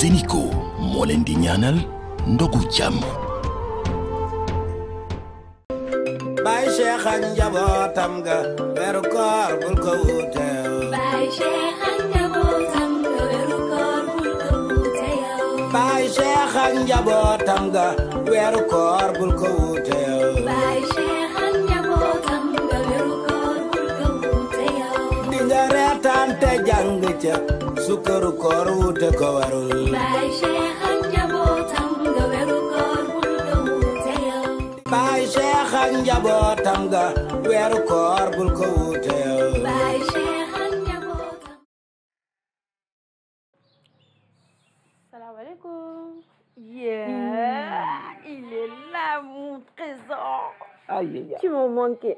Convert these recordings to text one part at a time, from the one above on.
Sénico moo leen di ñaanal ndogu jàmm. Baay Cheikh ak njabootam nga weeru koor bul ko wuute. Baay Cheikh ak njabootam nga weeru koor bul ko wuute yow. Baay Cheikh ak njabootam nga weeru koor bul ko wuute yow. Baay Cheikh ak njabootam nga weeru koor bul ko wuute yow. Di nga reetaan te jàng ca. sukaru koor wuute ko warul. Baay Cheikh ak njabootam nga weeru koor bul ko wuute yow. Baay Cheikh ak njabootam nga weeru koor bul ko wuute yow. Baay Cheikh ak njabootam. Salaamaaleykum. Yeah, hmm. il est là mon trésor. Aïe, aïe. Tu m'as manqué.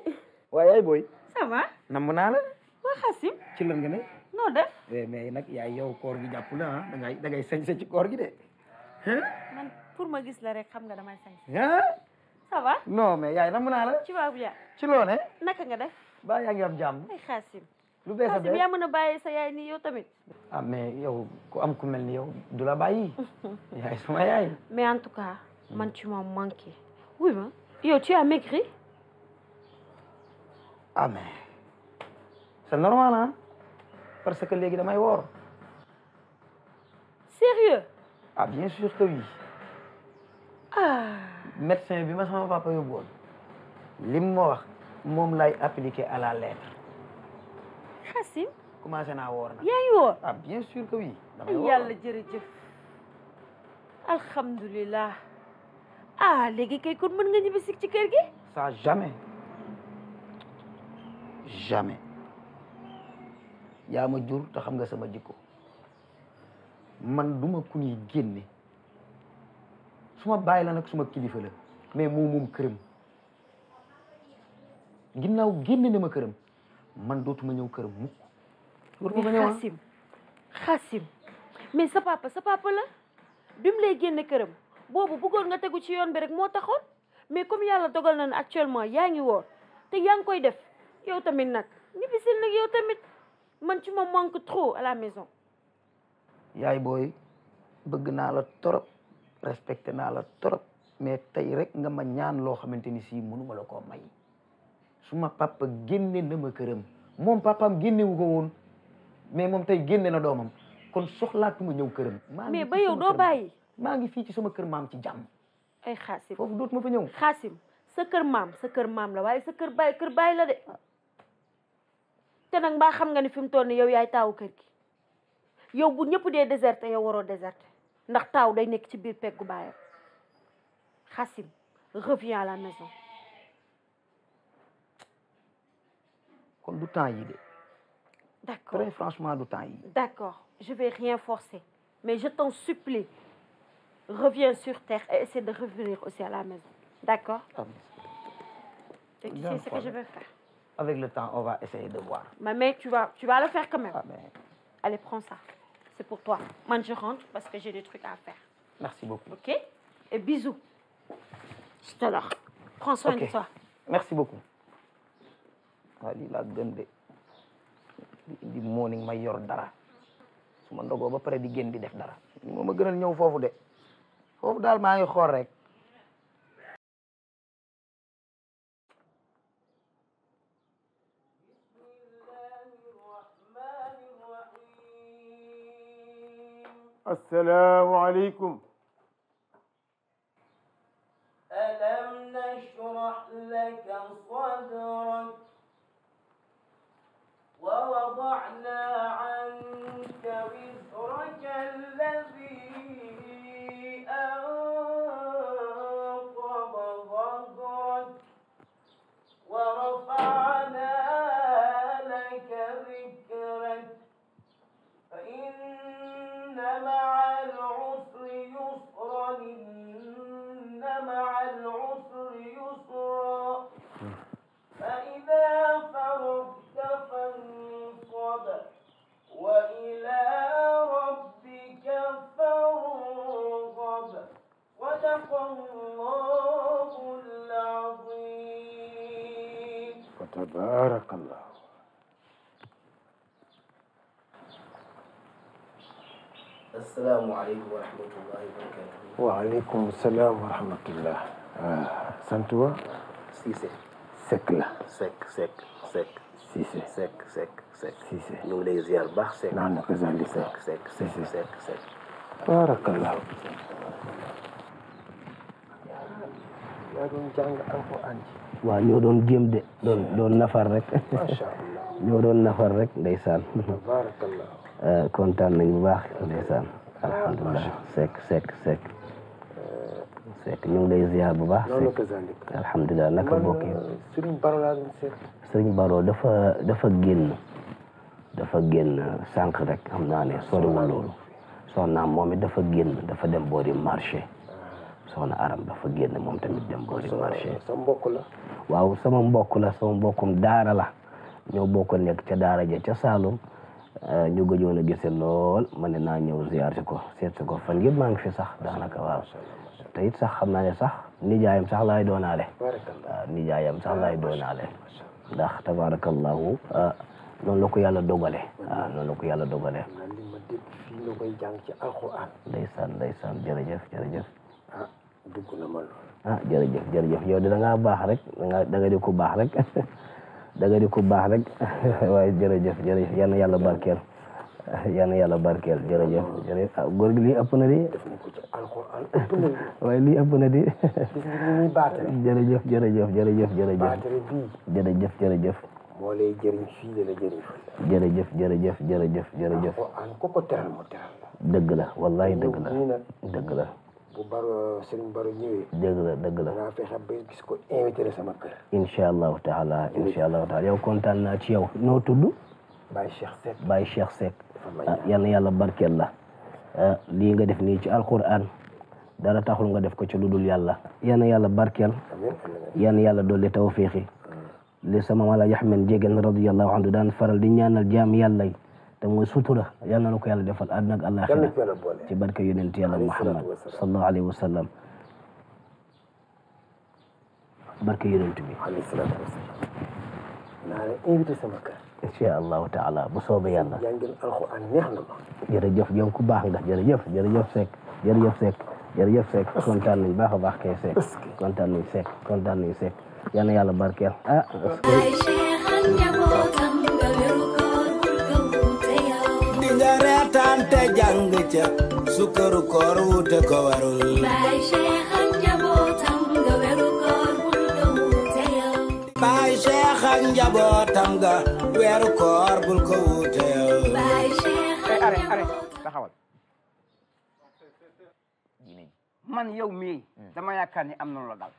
waaye ay booy. ça va. namm naa la. waa Xasim. ci lan nga ne. noo de eh, mais nag yaay yow koor gi jàpp la ah da ngay da ci koor gi de man pour ma gis la rek xam nga damay sañse ah ça va non mais yaay namu naa la ci waa bu ci loone naka nga def ba yaa ngi am jàmm ay xaasim lu bees a bees xaasim yaa a bàyyi sa yaay nii yow tamit ah mais yow ku am ku mel ni yow du la bàyyi yaay suma yaay en tout cas man tu m'as manqué oui ma yow tu as maigri ah mais c'est normal ah parce que léegi damay woor. sérieux. ah bien sûr que oui. ah. médecin bi ma sama papa yóbbuwoon lim ma wax moom lay appliquer à la lettre. Xasim. commencé naa woor na. yaa ngi ah bien sûr que oui. damay woor yàlla jërëjëf. alhamdulilah. ah léegi kay kon mën nga ñibbisi ci kër gi. ça jamais jamais. yaa ma jur te xam nga sama jikko man du ma ku ñuy génne suma bàyyi la nag suma kilifa la mais moo moom këram ginnaaw génne na ma këram man dootuma ñëw këram mukk dootuma ñëw xasim xasim mais sa papa sa papa la bi mu lay génne këram boobu bëggoon nga tegu ci yoon bi rek moo taxoon mais comme yàlla dogal na ne actuellement yaa ngi woor te yaa ngi koy def yow tamit nag ñibbisil nag yow tamit man tu me manques trop à la maison. yaay boy bëgg naa la torop respecté naa la torop mais tey rek nga ma ñaan loo komai. ni papa mënuma la koo may suma papa génne na ma këram moom papaam génnewu ko woon mais moom tey génne na doomam kon soxlaatuma ñëw këram. mais ba yow doo bàyyi. maa ngi fii ci sama kër maam ci jàmm. ay xaasim foofu dootuma fa ñëw. xaasim sa kër maam sa kër maam la waaye sa kër baay kër baay la de. te nag mbaa xam nga ni fi mu toll nii yow yaay taawu kër gi yow bu ñëpp dee déserté yow waroo déserté ndax taaw day nekk ci biir peggu baayam Khassim, reviens à la maison. kon du temps yi temps. d'accord très franchement du temps yi. d'accord je vais rien forcer mais je t'en supplie reviens sur terre et essaie de revenir aussi à la maison d'accord. ah tu sais ce que je vais faire. Avec le temps, on va essayer de voir. Mais tu vas, tu vas le faire quand même. Ah, Allez, prends ça. C'est pour toi. Moi, je rentre parce que j'ai des trucs à faire. Merci beaucoup. OK Et bisous. Tout à l'heure. Prends soin okay. de toi. Merci beaucoup. Ali la gende. di morning ma yor dara su ndogo ba pare di gende def dara moo ma gënal ñew fofu de Fofu dal ma ngi xor rek السلام عليكم السلام عليكم ورحمة الله وبركاته وعليكم السلام ورحمة الله آه، سنتوا سيسي سكلا سك سك سك سيسي سك سك سك سيسي نولي زيار بخ سك نعم كذلك سك سك سيسي سك سك بارك الله فيك يا رب جانك أنفو أنجي waaw ñoo doon jéem de doon doon nafar rek ñoo doon nafar rek ndeysaan eh, kontaan nañ bu baax ndeysaan ah, alhamdulilah sekk sekk sek eh, sekk ñu ngi lay ziar bu baax sekk alhamdulilah naka bokk euh, sëriñ Baro dafa dafa génn dafa génn euh, sànq rek xam naa ne soriwul loolu soxnaam moom it dafa génn dafa dem boori marché soxna aram dafa génn moom tamit dem boori marché sa mbokk la waaw sama mbokk la sama mbokkum daara la ñoo bokk nekk ca daara ja ca Saalum euh, ñu gëjoon a gise lool ma ne naa ñëw ziar si ko seet si ko fan yëpp maa ngi fi sax daanaka waaw te sax xam naa ne sax nijaayam sax laay doonaale waaw nijaayam sax laay doonaale ndax tabarakallahu euh, noonu la ko yàlla dogale waaw noonu la ko san dogale ndeysaan ndeysaan jërëjëf jërëjëf Ah, jari jauh jari jauh Ya udah nengah bahrek nengah, di kubahrek dengan di kubahrek wah jari jauh jari Yana ya, ya lebarkir yana ya yàlla barkeel jërëjëf jari. ah góor gi lii ëpp na di waaye lii ëpp na di jërëjëf jërëjëf jari jërëjëf jari jërëjëf moo lay jëriñ fii la la jëriñ jërëjëf jërëjëf jërëjëf jërëjëf ko ko teral mo teral dëgg la wallahi degelah, degelah. bu baro Serigne Baro ñëwee. dëgg la dëgg la danaa fexe ba gis ko invité la sama kër. incha allahu taala incha allahu taala yow kontaan naa ci yow noo tudd. Baye Cheikh Seck Baye Cheikh Seck. Ah, yal na yàlla barkeel la. Ah, lii nga def nii ci alquran dara taxul nga def ko ci lu dul yàlla. yal na yàlla barkeel. yal na yàlla dolli tawfiixi hmm. li sama mala Yaxmen Jégel radiyallahu anhu daan faral di ñaanal jaam yàlla te mooy sutura yal na ko yàlla defal àdduna ak àllaaxira ci barke yonent yàlla Muhammad sallallahu alayhi wa sallam barke yonent bi alayhi salaatu wa salaam naa la invité sama kër incha allahu taala bu soobee yàlla jàngil alxuraan neex na ma jërëjëf yow ku baax nga jërëjëf jërëjëf Seck jërëjëf Seck jërëjëf Seck kontaan nañ baax a baax kay Seck kontaan nañ Seck kontaan nañ Seck yal na yàlla barkeel ah te jàng ca sukkaru koor te ko warul bay Cheikh ak njabootam nga weru koor bul ko wuute yow bay Cheikh ak njabootam nga weru koor bul ko wuute yow bay Cheikh are are taxawal man yow mi hmm. dama yaakaar amna lo na loo dal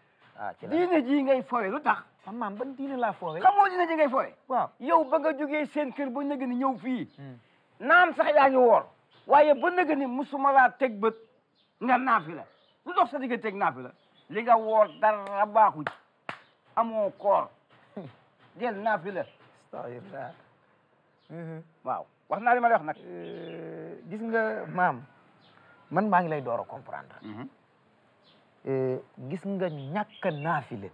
diine ah, ji ngay foowe lutax tax am maam ban diine laa xam nga diine ji ngay foowe waaw yow ba nga jógee seen kër bu nëgg ni ñëw fi hmm. naam sax yaa ngi woor waaye ba nga ni musuma laa teg bët nga naafila lu sa digga teg naafila li nga woor dara baaxu ci amoo koor del naafila mhm. waaw wax naa li ma lay wax nag gis nga maam man maa ngi lay door a comprendre mhm. gis nga ñàkk a naafila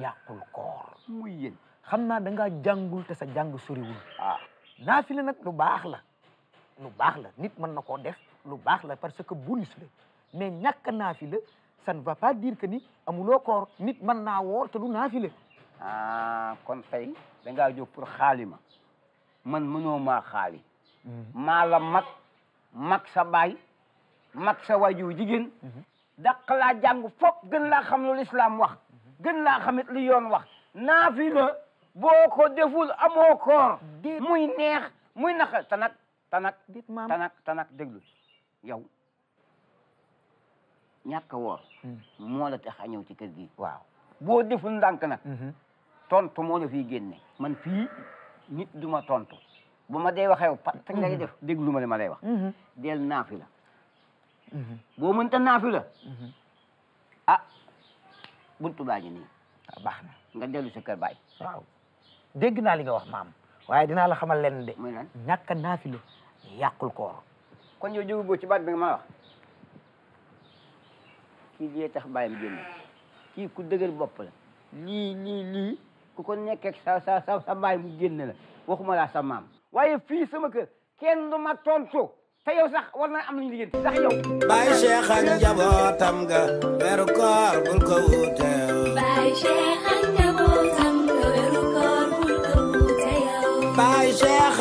yàqul koor muy yéen xam naa da ngaa jàngul te sa jàng soriwul ah. naafila nag lu baax la lu bax la nit man nako def lu bax la parce que bonus la mais ñàkk naafi ça ne va pas dire que ni koor nit man na woor te ah kon tey da nga jox pour khalima ma man mëno ma khali ma mhm. la mak mak sa bay mak sa waju jigen mhm. dak la jang fop gën la xam lu lislaam wax mhm. gën laa xamit lu yoon wax deful muy neex muy te tanak dit maam tanak tanak déglu woor hmm. moo la tax a ñëw ci kër gi waaw boo deful ndànk nag mm-hmm. tontu moo fi fiy man fii nit duma ma tontu bu ma dee waxee pat mm-hmm. ngay def déglu ma le ma lay wax mm-hmm. del naafi la boo mënta naafi la ah buntu baa ngi nii ah, baax na nga dellu sa kër baay waaw naa li nga wax maam waaye dinaa la xamal leen de ñàkk a yàqul koor ko yow jógagoo ci baat bi nga ma wax kii jee tax bàyyam génn kii ku dëgër bopp la lii lii lii ku ko nekkee sa sa sa sa bàyyi mu génn la waxuma laa sa maam waaye fii sama kër kenn du ma tontu te yow sax war na am nañu liggéey sax yow bàyyi cheikh ak njabootam nga weeru koor bul ko wuute